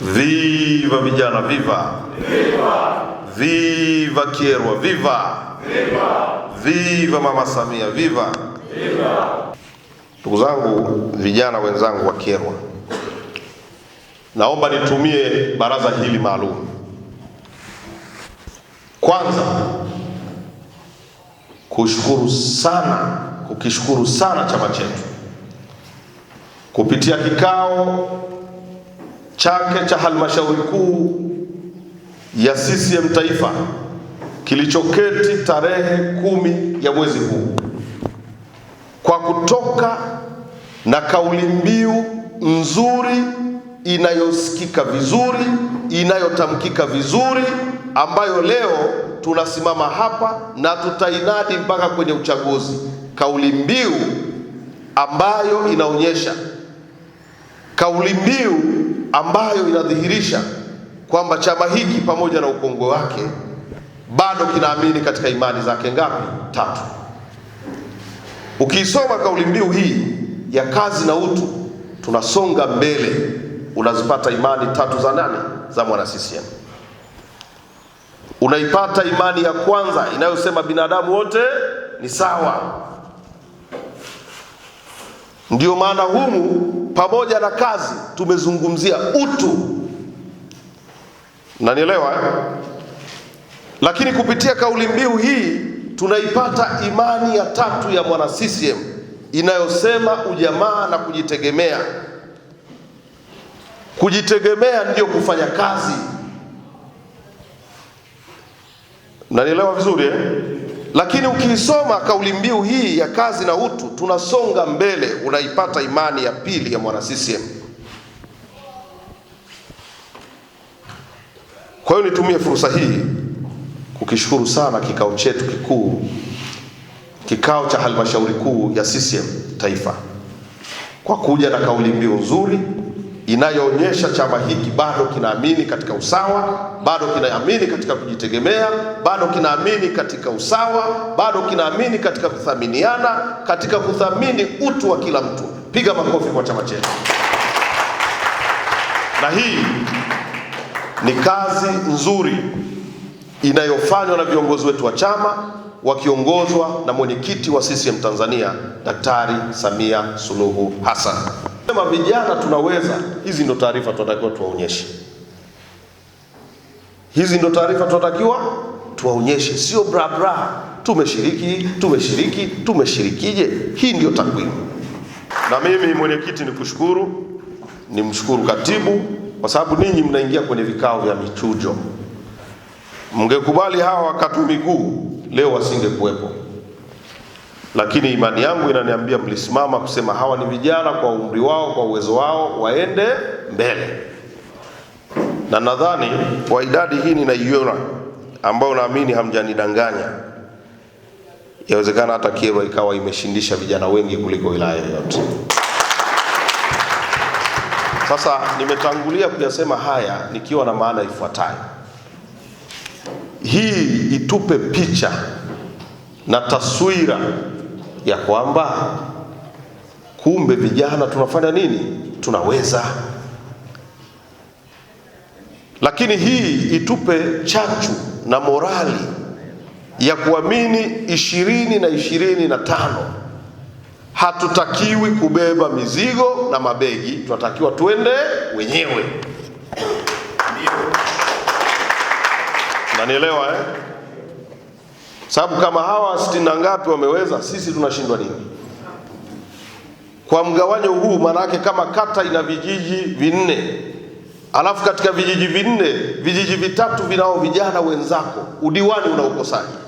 Viva vijana, viva viva, viva Kyerwa, viva viva, viva mama Samia, viva viva. Ndugu zangu vijana wenzangu wa Kyerwa, naomba nitumie baraza hili maalum kwanza kushukuru sana, kukishukuru sana chama chetu kupitia kikao chake cha halmashauri kuu ya CCM taifa kilichoketi tarehe kumi ya mwezi huu kwa kutoka na kauli mbiu nzuri inayosikika vizuri, inayotamkika vizuri, ambayo leo tunasimama hapa na tutainadi mpaka kwenye uchaguzi, kauli mbiu ambayo inaonyesha kauli mbiu ambayo inadhihirisha kwamba chama hiki pamoja na ukongwe wake bado kinaamini katika imani zake ngapi? Tatu. Ukiisoma kauli mbiu hii ya kazi na utu, tunasonga mbele, unazipata imani tatu za nane za mwana CCM. Unaipata imani ya kwanza inayosema binadamu wote ni sawa. Ndiyo maana humu pamoja na kazi tumezungumzia utu, nanielewa eh? Lakini kupitia kauli mbiu hii tunaipata imani ya tatu ya mwana CCM inayosema ujamaa na kujitegemea. Kujitegemea ndiyo kufanya kazi, nanielewa vizuri eh? Lakini ukiisoma kauli mbiu hii ya kazi na utu, tunasonga mbele, unaipata imani ya pili ya mwana CCM. Kwa hiyo nitumie fursa hii kukishukuru sana kikao chetu kikuu, kikao cha halmashauri kuu ya CCM taifa kwa kuja na kauli mbiu nzuri inayoonyesha chama hiki bado kinaamini katika usawa, bado kinaamini katika kujitegemea, bado kinaamini katika usawa, bado kinaamini katika kuthaminiana, katika kuthamini utu wa kila mtu. Piga makofi kwa chama chetu. Na hii ni kazi nzuri inayofanywa na viongozi wetu wa chama wakiongozwa na mwenyekiti wa CCM Tanzania Daktari Samia Suluhu Hassan tunasema vijana tunaweza, hizi ndo taarifa tunatakiwa tuwaonyeshe, hizi ndo taarifa tunatakiwa tuwaonyeshe, sio bra bra, tumeshiriki tumeshiriki tumeshirikije. Hii ndio takwimu. Na mimi mwenyekiti nikushukuru, nimshukuru katibu kwa sababu ninyi mnaingia kwenye vikao vya michujo. Mngekubali hawa wakatu miguu leo wasingekuwepo lakini imani yangu inaniambia mlisimama kusema hawa ni vijana kwa umri wao, kwa uwezo wao, waende mbele, na nadhani kwa idadi hii ninaiona, ambayo naamini hamjanidanganya, yawezekana hata Kieva ikawa imeshindisha vijana wengi kuliko wilaya yoyote. Sasa nimetangulia kuyasema haya nikiwa na maana ifuatayo. Hii itupe picha na taswira ya kwamba kumbe vijana tunafanya nini? Tunaweza. Lakini hii itupe chachu na morali ya kuamini ishirini na ishirini na tano hatutakiwi kubeba mizigo na mabegi, tunatakiwa tuende wenyewe. Nanielewa eh? sababu kama hawa sitini na ngapi wameweza, sisi tunashindwa nini? Kwa mgawanyo huu, maanake kama kata ina vijiji vinne, alafu katika vijiji vinne vijiji vitatu vinao vijana wenzako, udiwani unaukosaje?